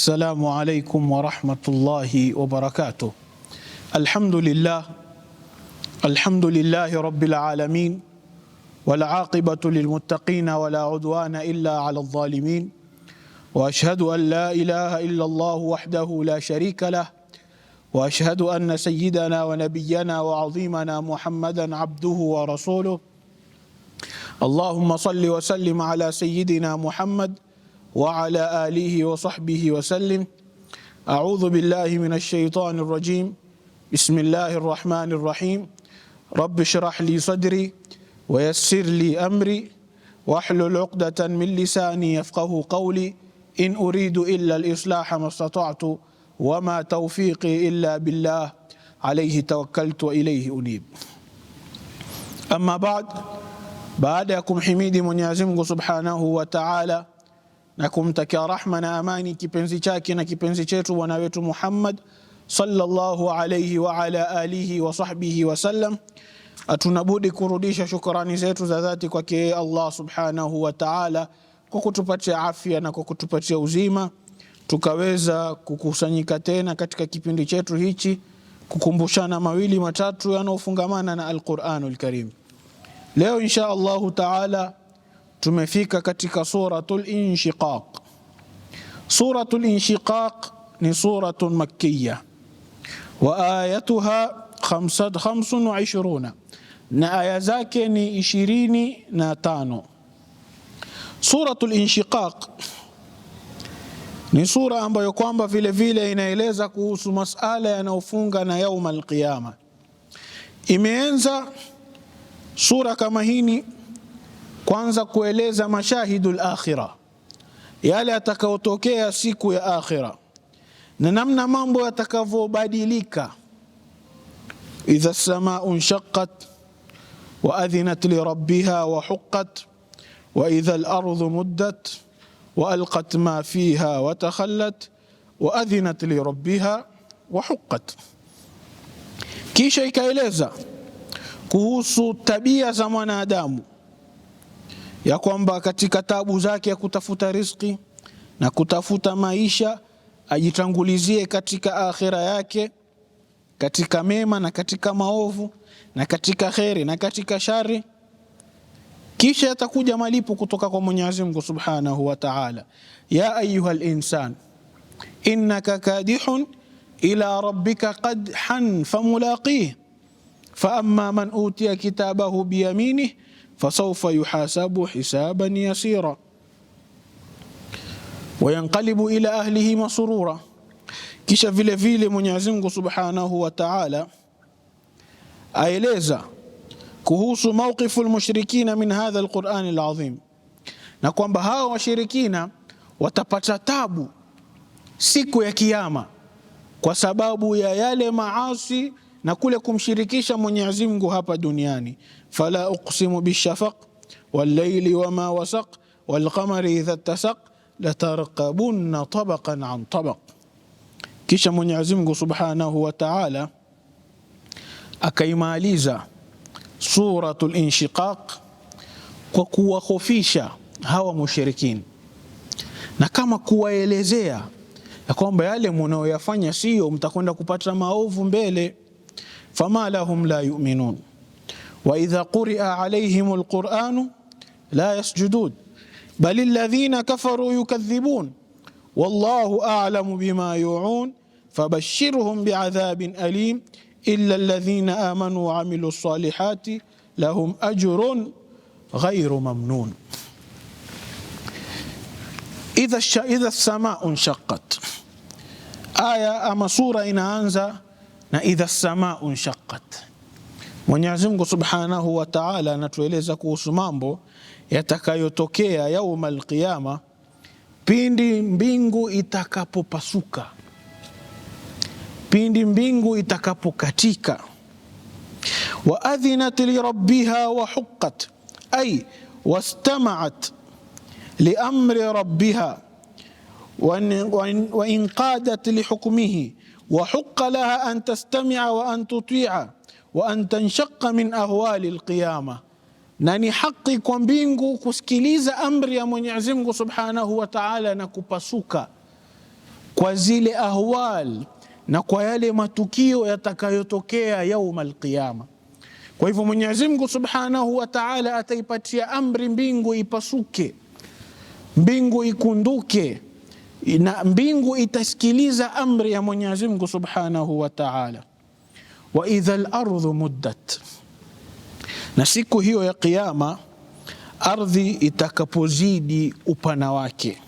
السلام عليكم ورحمة الله وبركاته الحمد لله الحمد لله رب العالمين والعاقبة للمتقين ولا عدوان إلا على الظالمين وأشهد أن لا إله إلا الله وحده لا شريك له وأشهد أن سيدنا ونبينا وعظيمنا محمدا عبده ورسوله اللهم صل وسلم على سيدنا محمد وعلى آله وصحبه وسلم أعوذ بالله من الشيطان الرجيم بسم الله الرحمن الرحيم رب اشرح لي صدري ويسر لي أمري واحلل عقدة من لساني يفقه قولي إن أريد إلا الإصلاح ما استطعت وما توفيقي إلا بالله عليه توكلت وإليه أنيب أما بعد بعدكم ya من Mwenyezi سبحانه وتعالى na kumtakia rahma na amani kipenzi chake na kipenzi chetu bwana wetu Muhammad sallallahu alayhi wa ala alihi wa sahbihi wasallam. atunabudi kurudisha shukrani zetu za dhati kwake Allah subhanahu wa ta'ala kwa kutupatia afya na kwa kutupatia uzima tukaweza kukusanyika tena katika kipindi chetu hichi kukumbushana mawili matatu yanayofungamana na Al-Qur'anul Karim. Leo insha Allahu ta'ala Tumefika katika suratul Inshiqaq. Suratul Inshiqaq ni suratun makkiya wa ayatuha 25 na aya zake ni ishirini na tano. Suratul Inshiqaq ni sura ambayo kwamba vile vile inaeleza kuhusu masala yanayofunga na yauma alqiyama. Imeanza sura kama hii kwanza kueleza mashahidu al-akhira, yale atakayotokea siku ya akhira na namna mambo yatakavyobadilika. idha samau nshaqat wa adhinat lirabbiha wa huqqat wa idha al-ardhu muddat wa alqat ma fiha wa takhallat wa adhinat lirabbiha wa huqqat. Kisha ikaeleza kuhusu tabia za mwanadamu ya kwamba katika tabu zake ya kutafuta riziki na kutafuta maisha ajitangulizie katika akhira yake katika mema na katika maovu na katika kheri na katika shari, kisha yatakuja malipo kutoka kwa Mwenyezi Mungu Subhanahu wa Ta'ala. Ya ayuha linsan innaka kadihun ila rabbika qadhan famulaqih amma man utiya kitabahu biyaminihi fasawfa yuhasabu hisaban yasira wayanqalibu ila ahlihi masurura, kisha vile vile Mwenyezi Mungu Subhanahu wa Ta'ala aeleza kuhusu mawqifu lmushrikina min hadha alquran alazim, na kwamba hawa washirikina watapata tabu siku ya Kiyama kwa sababu ya yale maasi na kule kumshirikisha Mwenyezi Mungu hapa duniani. Fala uqsimu bishafaq wallaili wama wasaq walqamari idha tasaq latarkabunna tabaqan an tabaq. Kisha Mwenyezi Mungu subhanahu wa taala akaimaliza Suratul Inshiqaq kwa kuwahofisha hawa mushirikin na kama kuwaelezea ya kwamba yale munaoyafanya sio, mtakwenda kupata maovu mbele. فما لهم لا يؤمنون واذا قرئ عليهم القران لا يسجدون بل الذين كفروا يكذبون والله اعلم بما يوعون فبشرهم بعذاب اليم الا الذين امنوا وعملوا الصالحات لهم اجر غير ممنون إذا إذا السماء انشقت ايه اما سوره إن انزل na idha samau nshaqat. Mwenyezi Mungu Subhanahu wa Ta'ala anatueleza kuhusu mambo yatakayotokea yauma alqiyama, pindi mbingu itakapopasuka, pindi mbingu itakapokatika. Wa adhinat lirabbiha wa huqqat, ay wastamaat liamri rabbiha wa inqadat lihukmihi an tastamia wa an tutia wa an tanshaqa min ahwali القيامة na ni haki kwa mbingu kusikiliza amri ya Mwenyezi Mungu Subhanahu wa Ta'ala na kupasuka kwa zile ahwal na kwa yale matukio yatakayotokea yauma alqiyama. Kwa hivyo Mwenyezi Mungu Subhanahu wa Ta'ala ataipatia amri mbingu ipasuke, mbingu ikunduke na mbingu itasikiliza amri ya Mwenyezi Mungu Subhanahu wa Ta'ala. wa idha al-ardhu muddat, na siku hiyo ya Kiyama ardhi itakapozidi upana wake,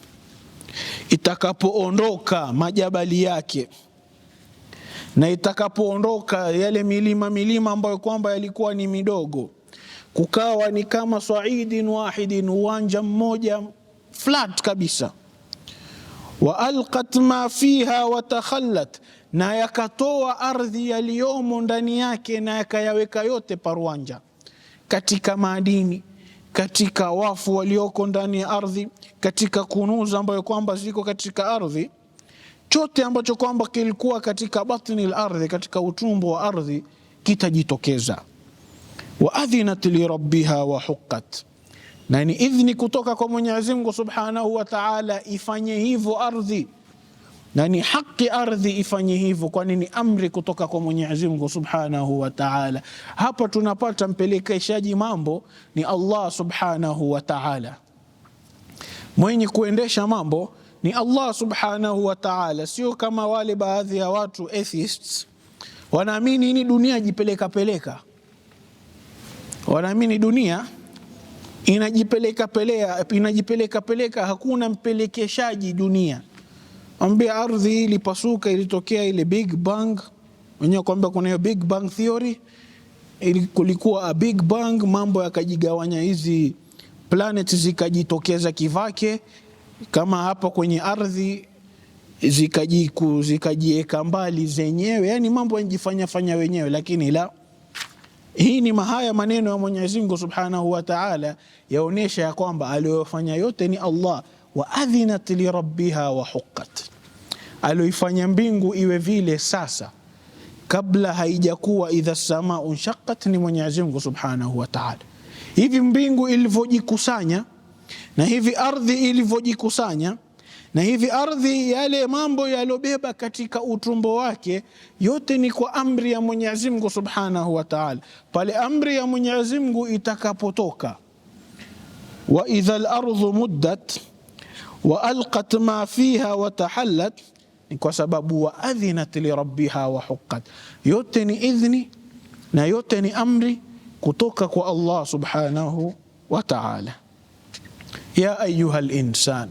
itakapoondoka majabali yake na itakapoondoka yale milima milima ambayo kwamba yalikuwa ni midogo, kukawa ni kama saidin wahidin, uwanja mmoja flat kabisa wa alqat ma fiha watakhallat, na yakatoa ardhi yaliyomo ndani yake na yakayaweka yote paruanja, katika madini, katika wafu walioko ndani ya ardhi, katika kunuza ambayo kwamba ziko katika ardhi, chote ambacho kwamba kilikuwa katika batni al-ardhi, katika utumbo wa ardhi kitajitokeza. Wa adhinat li rabbiha wa huqqat na ni idhni kutoka kwa Mwenyezi Mungu Subhanahu wa Ta'ala, ifanye hivyo ardhi, na ni haki ardhi ifanye hivyo, kwani ni amri kutoka kwa Mwenyezi Mungu Subhanahu wa Ta'ala. Hapa tunapata mpelekeshaji mambo ni Allah Subhanahu wa Ta'ala, mwenye kuendesha mambo ni Allah Subhanahu wa Ta'ala, sio kama wale baadhi ya watu atheists wanaamini ni dunia jipeleka peleka, wanaamini dunia inajipeleka pelea, inajipeleka peleka, hakuna mpelekeshaji dunia. Ambia ardhi hii ilipasuka, ilitokea ile big bang, wenyewe kwamba kuna hiyo big bang theory, kulikuwa a big bang, mambo yakajigawanya, hizi planet zikajitokeza kivake kama hapa kwenye ardhi zikajieka mbali zenyewe, yani mambo fanya wenyewe, lakini la hii ni mahaya maneno ya Mwenyezi Mungu Subhanahu wa Ta'ala, yaonyesha ya kwamba aliyofanya yote ni Allah. wa adhinat li rabbiha wa huqqat, aliyoifanya mbingu iwe vile sasa kabla haijakuwa idha samaa nshaqat, ni Mwenyezi Mungu Subhanahu wa Ta'ala. Hivi mbingu ilivyojikusanya na hivi ardhi ilivyojikusanya na hivi ardhi, yale mambo yalobeba katika utumbo wake, yote ni kwa amri ya Mwenyezi Mungu Subhanahu wa Ta'ala. Pale amri ya Mwenyezi Mungu itakapotoka, wa idha al-ardhu muddat wa alqat ma fiha wa tahallat, ni kwa sababu wa adhinat li rabbiha wa huqqat. Yote ni idhni na yote ni amri kutoka kwa Allah Subhanahu wa Ta'ala. ya ayuha insan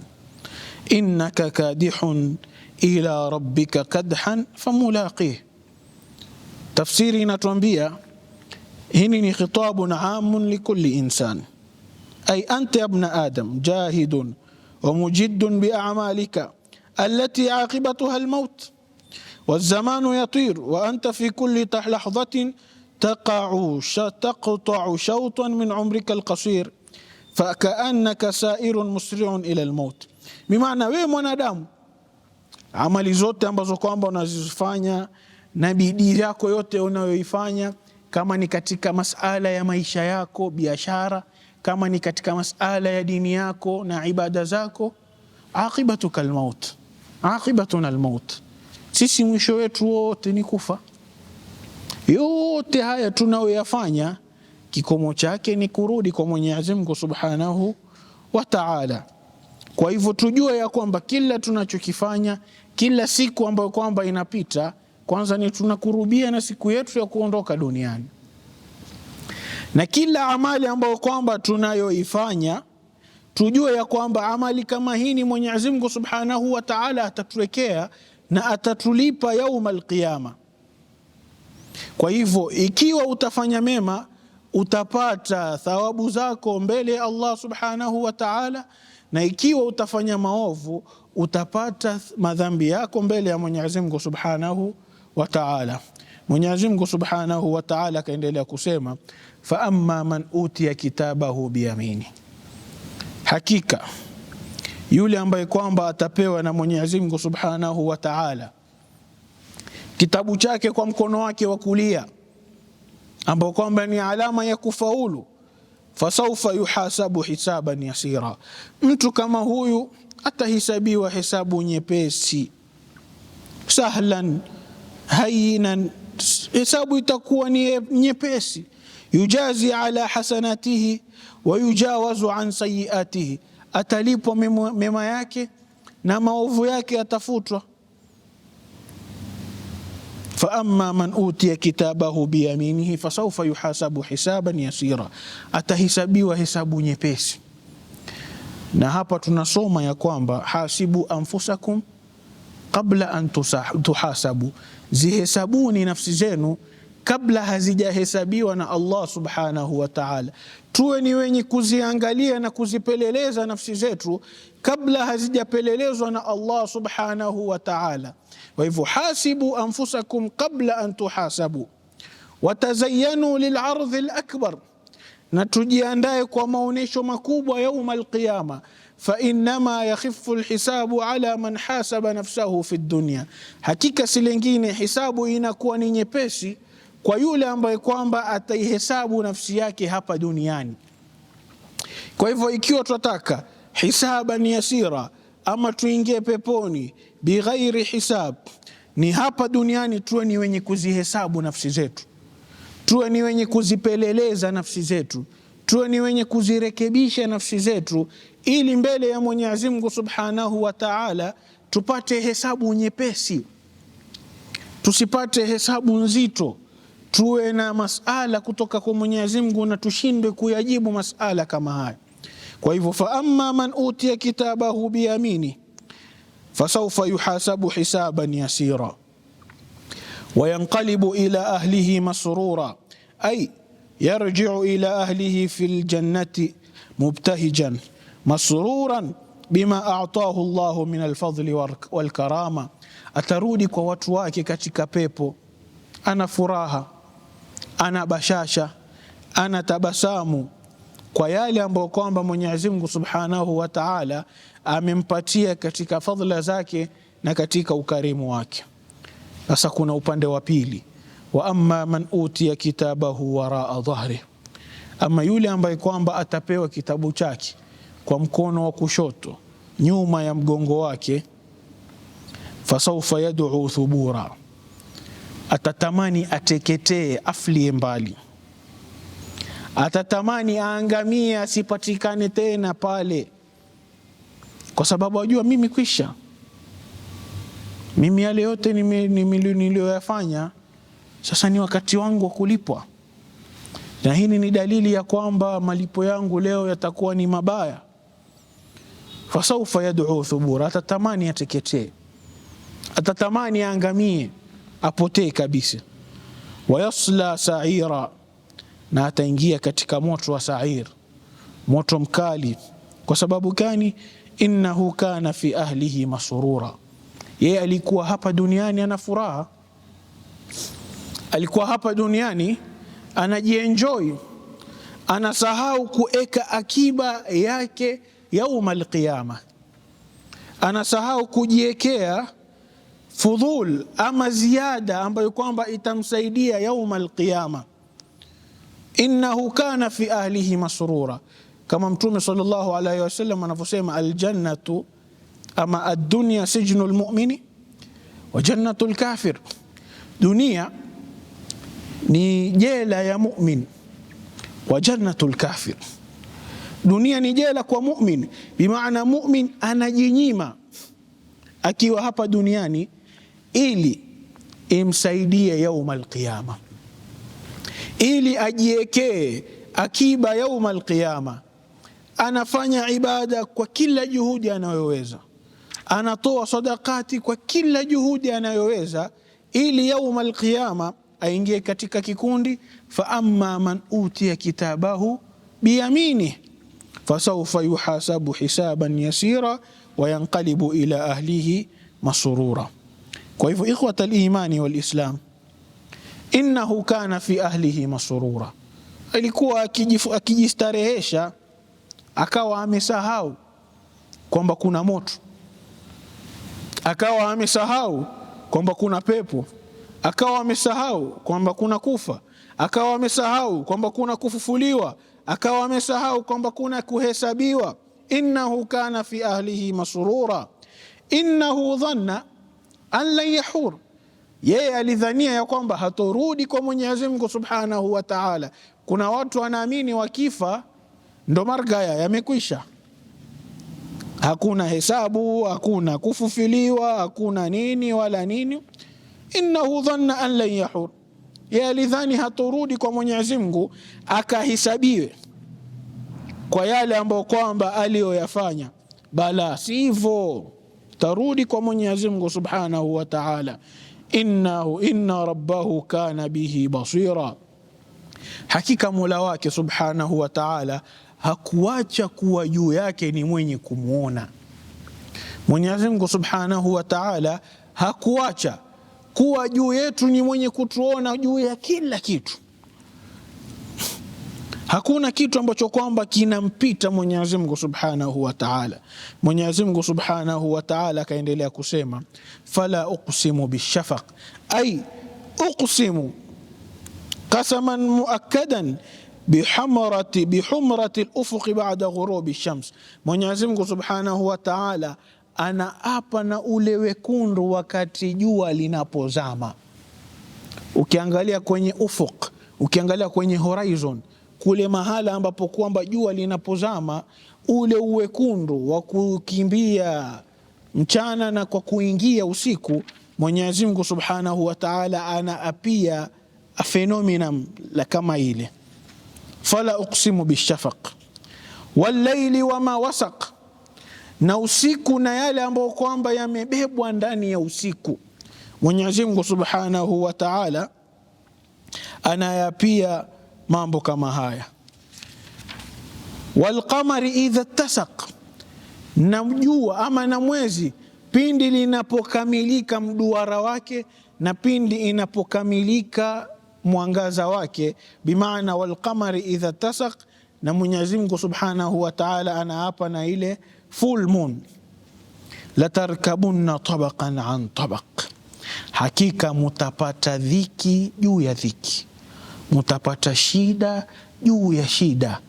انك كادح الى ربك كدحا فملاقيه تفسيرنا نتوانبيا هني خطاب عام لكل انسان اي انت يا ابن ادم جاهد ومجد باعمالك التي عاقبتها الموت والزمان يطير وانت في كل لحظه تقع تقطع شوطا من عمرك القصير فكانك سائر مسرع الى الموت Bimaana wewe mwanadamu, amali zote ambazo kwamba unazifanya na bidii yako yote unayoifanya, kama ni katika masala ya maisha yako, biashara, kama ni katika masala ya dini yako na ibada zako, akibatuka almaut, akibatuna almaut, sisi mwisho wetu wote ni kufa. Yote haya tunayoyafanya kikomo chake ni kurudi kwa Mwenyezi Mungu Subhanahu wa Ta'ala. Kwa hivyo tujue ya kwamba kila tunachokifanya kila siku ambayo kwamba inapita, kwanza ni tunakurubia na siku yetu ya kuondoka duniani, na kila amali ambayo kwamba tunayoifanya tujue ya kwamba amali kama hii ni Mwenyezi Mungu Subhanahu wa Ta'ala atatuwekea na atatulipa yaumal qiyama. Kwa hivyo ikiwa utafanya mema utapata thawabu zako mbele ya Allah Subhanahu wa Ta'ala na ikiwa utafanya maovu utapata madhambi yako mbele ya Mwenyezi Mungu Subhanahu wa Ta'ala. Mwenyezi Mungu Subhanahu wa Ta'ala akaendelea kusema, fa amma man utiya kitabahu biyamini, hakika yule ambaye kwamba atapewa na Mwenyezi Mungu Subhanahu wa Ta'ala kitabu chake kwa mkono wake wa kulia, ambao kwamba ni alama ya kufaulu fasaufa yuhasabu hisaban yasira, mtu kama huyu atahisabiwa hesabu nyepesi, sahlan hayinan, hesabu itakuwa ni nyepesi. Yujazi ala hasanatihi wa yujawazu an sayiatihi, atalipwa mema yake na maovu yake atafutwa fa amma man utiya kitabahu biyaminihi fasaufa yuhasabu hisaban yasira, atahisabiwa hesabu nyepesi. Na hapa tunasoma ya kwamba hasibu anfusakum qabla an tuhasabu, zihesabuni nafsi zenu kabla hazijahesabiwa na Allah subhanahu wa ta'ala. Tuwe ni wenye kuziangalia na kuzipeleleza nafsi zetu kabla hazijapelelezwa na Allah subhanahu wa ta'ala. Kwa hivyo hasibu anfusakum qabla an tuhasabu watazayanu lilardhi lakbar, na tujiandae kwa maonyesho makubwa yauma alqiyama. Fainnama yakhifu lhisabu ala man hasaba nafsahu fi dunya, hakika si lingine hisabu inakuwa ni nyepesi kwa yule ambaye kwamba ataihesabu nafsi yake hapa duniani. Kwa hivyo ikiwa twataka hisaban yasira ama tuingie peponi bighairi hisab. Ni hapa duniani tuwe ni wenye kuzihesabu nafsi zetu, tuwe ni wenye kuzipeleleza nafsi zetu, tuwe ni wenye kuzirekebisha nafsi zetu, ili mbele ya Mwenyezi Mungu Subhanahu wa Ta'ala tupate hesabu nyepesi, tusipate hesabu nzito. Tuwe na masala kutoka kwa Mwenyezi Mungu na tushindwe kuyajibu masala kama haya. Kwa hivyo fa amma man utiya kitabahu biyamini fasaufa yuhasabu hisaban yasira وينقلب إلى أهله مسرورا أي يرجع إلى أهله في الجنة مبتهجا مسرورا بما أعطاه الله من الفضل والكرامة atarudi kwa watu wake katika pepo ana furaha ana bashasha ana tabasamu kwa yale ambayo kwamba Mwenyezi Mungu Subhanahu wa Ta'ala amempatia katika fadhila zake na katika ukarimu wake. Sasa kuna upande wa pili, wa amma man utiya kitabahu waraa dhahri, ama yule ambaye kwamba atapewa kitabu chake kwa mkono wa kushoto nyuma ya mgongo wake, fasaufa yad'u thubura, atatamani ateketee, aflie mbali atatamani aangamie, asipatikane tena pale, kwa sababu ajua mimi kwisha, mimi yale yote niliyoyafanya, sasa ni wakati wangu wa kulipwa. Na hili ni dalili ya kwamba malipo yangu leo yatakuwa ni mabaya. Fasaufa yad'u thubura, atatamani ateketee, atatamani aangamie, apotee kabisa. Wayasla saira na ataingia katika moto wa sair, moto mkali. Kwa sababu gani? innahu kana fi ahlihi masurura, yeye alikuwa hapa duniani ana furaha, alikuwa hapa duniani anajienjoy, anasahau kueka akiba yake yauma alqiyama, anasahau kujiekea fudhul ama ziada ambayo kwamba itamsaidia yauma alqiyama innahu kana fi ahlihi masrura, kama Mtume sallallahu alaihi wasallam anavyosema, aljannatu ama addunya sijnu lmumini wa jannatu lkafir, dunia ni jela ya mumin wa jannatu lkafir, dunia ni jela kwa mumin. Bimaana mumin anajinyima akiwa hapa duniani ili imsaidie yauma alqiyama ili ajiekee akiba yauma alqiama Anafanya ibada kwa kila juhudi anayoweza, anatoa sadakati kwa kila juhudi anayoweza, ili yauma alqiama aingie katika kikundi. Fa amma man utiya kitabahu biyaminih fasaufa yuhasabu hisaban yasira wayanqalibu ila ahlihi masurura. Kwa hivyo ikhwata limani walislam innahu kana fi ahlihi masrura, alikuwa akijistarehesha akawa amesahau kwamba kuna moto, akawa amesahau kwamba kuna pepo, akawa amesahau kwamba kuna kufa, akawa amesahau kwamba kuna kufufuliwa, akawa amesahau kwamba kuna kuhesabiwa. Innahu kana fi ahlihi masrura, innahu dhanna an lan yahur yeye alidhania ya kwamba hatorudi kwa Mwenyezi Mungu Subhanahu wa Ta'ala. Kuna watu wanaamini wakifa ndo margaya yamekwisha, hakuna hesabu, hakuna kufufiliwa, hakuna nini wala nini. Innahu dhanna an lan yahur, yeye alidhani hatorudi kwa Mwenyezi Mungu akahesabiwe kwa yale ambayo kwamba aliyoyafanya. Bala sivyo, tarudi kwa Mwenyezi Mungu Subhanahu wa Ta'ala innahu inna rabbahu kana bihi basira, hakika mola wake subhanahu wa taala hakuacha kuwa juu yake ni mwenye kumwona. Mwenyezi Mungu subhanahu wa taala hakuacha kuwa juu yetu ni mwenye kutuona juu ya kila kitu. Hakuna kitu ambacho kwamba kinampita Mwenyezi Mungu Subhanahu wa Ta'ala. Mwenyezi Mungu Subhanahu wa Ta'ala akaendelea kusema, fala uqsimu bishafaq, ay uqsimu qasaman muakkadan bihamrati bihumrati lufuqi bada ghurubi shams. Mwenyezi Mungu Subhanahu wa Ta'ala anaapa na ule wekundu wakati jua linapozama. Ukiangalia kwenye ufuk, ukiangalia kwenye horizon kule mahala ambapo kwamba jua linapozama, ule uwekundu wa kukimbia mchana na kwa kuingia usiku, Mwenyezi Mungu Subhanahu wa Ta'ala anaapia fenomena la kama ile, fala uksimu bishafaq wallaili wama wasaq, na usiku na yale ambayo kwamba yamebebwa ndani ya usiku. Mwenyezi Mungu Subhanahu wa Ta'ala anayapia mambo kama haya. Walqamari idha tasak, na jua ama na mwezi pindi linapokamilika mduara wake na pindi inapokamilika mwangaza wake, bimaana walqamari idha tasak. Na Mwenyezi Mungu Subhanahu wa Ta'ala anaapa na ile full moon, latarkabunna tabaqan an tabaq, hakika mutapata dhiki juu ya dhiki mutapata shida juu ya shida,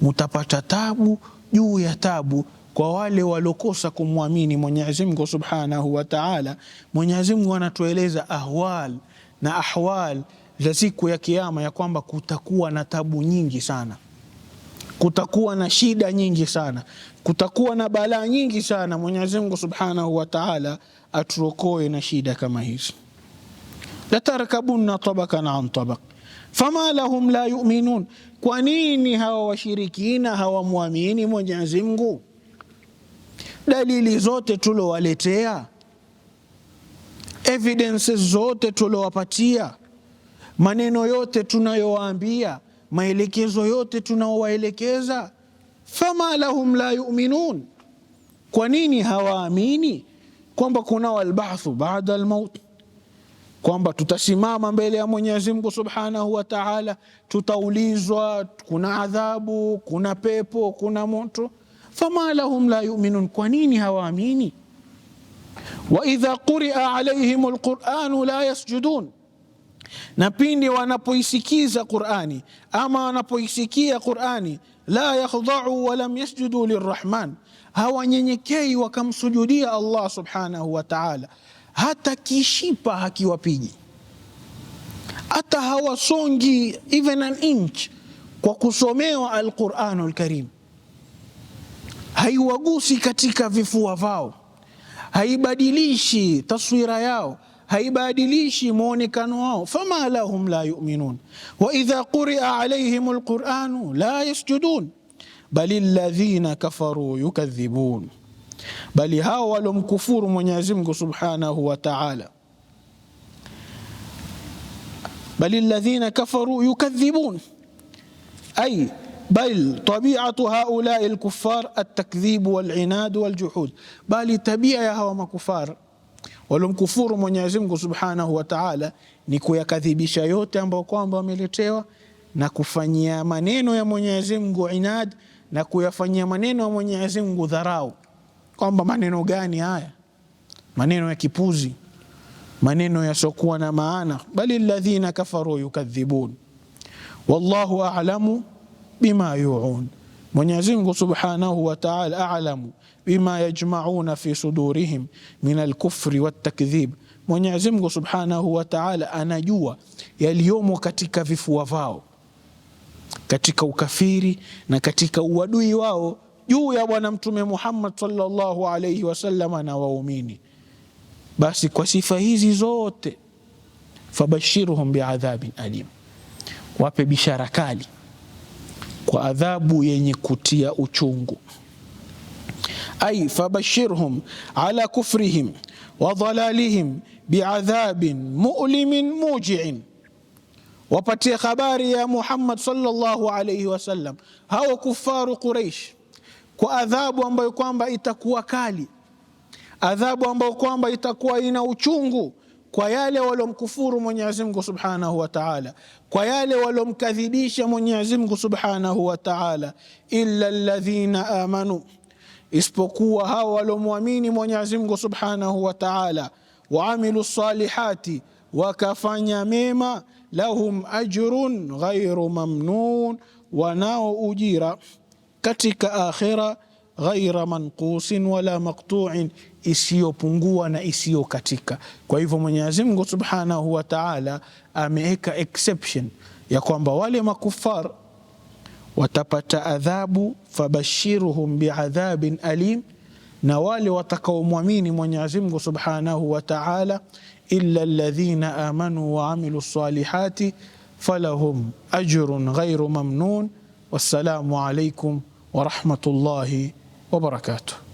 mutapata tabu juu ya tabu kwa wale walokosa kumwamini Mwenyezi Mungu Subhanahu wa Ta'ala. Mwenyezi Mungu anatueleza ahwal na ahwal za siku ya Kiyama ya kwamba kutakuwa na tabu nyingi sana, kutakuwa na shida nyingi sana, kutakuwa na balaa nyingi sana. Mwenyezi Mungu Subhanahu wa Ta'ala atuokoe na shida kama hizi. latarkabunna tabakan an tabak Fama lahum la yuminun, kwa nini hawa washirikina hawamwamini Mwenyezi Mungu? Dalili zote tulowaletea, evidences zote tulowapatia, maneno yote tunayowaambia, maelekezo yote tunaowaelekeza, fama lahum la yuminun, kwa nini hawaamini kwamba kuna walbathu baada almauti kwamba tutasimama mbele ya Mwenyezi Mungu Subhanahu wa Ta'ala, tutaulizwa kuna adhabu, kuna pepo, kuna moto. Fama lahum la yu'minun, kwa nini hawaamini? Wa idha quria alaihim alquranu la yasjudun, na pindi wanapoisikiza Qurani ama wanapoisikia Qurani, la yakhda'u wa lam yasjudu lirrahman, hawanyenyekei wakamsujudia Allah Subhanahu wa Ta'ala hata kishipa hakiwapigi, hata hawasongi even an inch kwa kusomewa Alquranu Lkarim, haiwagusi katika vifua vao, haibadilishi taswira yao, haibadilishi mwonekano wao. Fama lahum la yuminun wa idha quria alaihim alquranu la yasjudun bali ladhina kafaru yukadhibun bali hao walomkufuru Mwenyezi Mungu Subhanahu wa Ta'ala, bal alladhina kafaru yukadhibun ay bal tabi'atu haula'i alkuffar at-takdhib wal bali tabia ya hawa makufar walomkufuru Mwenyezi Mungu Subhanahu wa Ta'ala ni kuyakadhibisha yote ambayo kwamba wameletewa na kufanyia maneno ya Mwenyezi Mungu inad na kuyafanyia maneno ya Mwenyezi Mungu dharau kwamba maneno gani haya, maneno ya kipuzi, maneno yasiokuwa na maana. Bali alladhina kafaru yukadhibun wallahu a'lamu bima yuun, Mwenyezi Mungu subhanahu wa ta'ala a'lamu bima yajma'una fi sudurihim min alkufri watakdhib. Mwenyezi Mungu subhanahu wa ta'ala anajua yaliyomo katika vifua vao, katika ukafiri na katika uadui wao juu ya Bwana Mtume Muhammad sallallahu alayhi wasallam na waumini. Basi kwa sifa hizi zote, fabashirhum biadhabin alim, wape bishara kali kwa adhabu yenye kutia uchungu. Ai fabashirhum ala kufrihim wa dhalalihim biadhabin mulimin mujiin, wapatie habari ya Muhammad sallallahu alayhi wasallam, hawa kufaru Quraish kwa adhabu ambayo kwamba itakuwa kali, adhabu ambayo kwamba itakuwa ina uchungu kwa yale waliomkufuru Mwenyezi Mungu Subhanahu wa Ta'ala, kwa yale waliomkadhibisha Mwenyezi Mungu Subhanahu wa Ta'ala. Illa alladhina amanu, isipokuwa hao waliomwamini Mwenyezi Mungu Subhanahu wa Ta'ala, waamilu salihati, wakafanya mema, lahum ajrun ghairu mamnun, wanao ujira katika akhira ghaira manqusin wala maqtuin, isiyopungua na isiyokatika. Kwa hivyo Mwenyezi Mungu Subhanahu wa Ta'ala ameweka exception ya kwamba wale makufar watapata adhabu, fabashiruhum biadhabin alim, na wale watakaomwamini Mwenyezi Mungu Subhanahu wa Ta'ala, illa alladhina amanu wa amilu salihati falahum ajrun ghairu mamnun. Wassalamu alaikum ورحمه الله وبركاته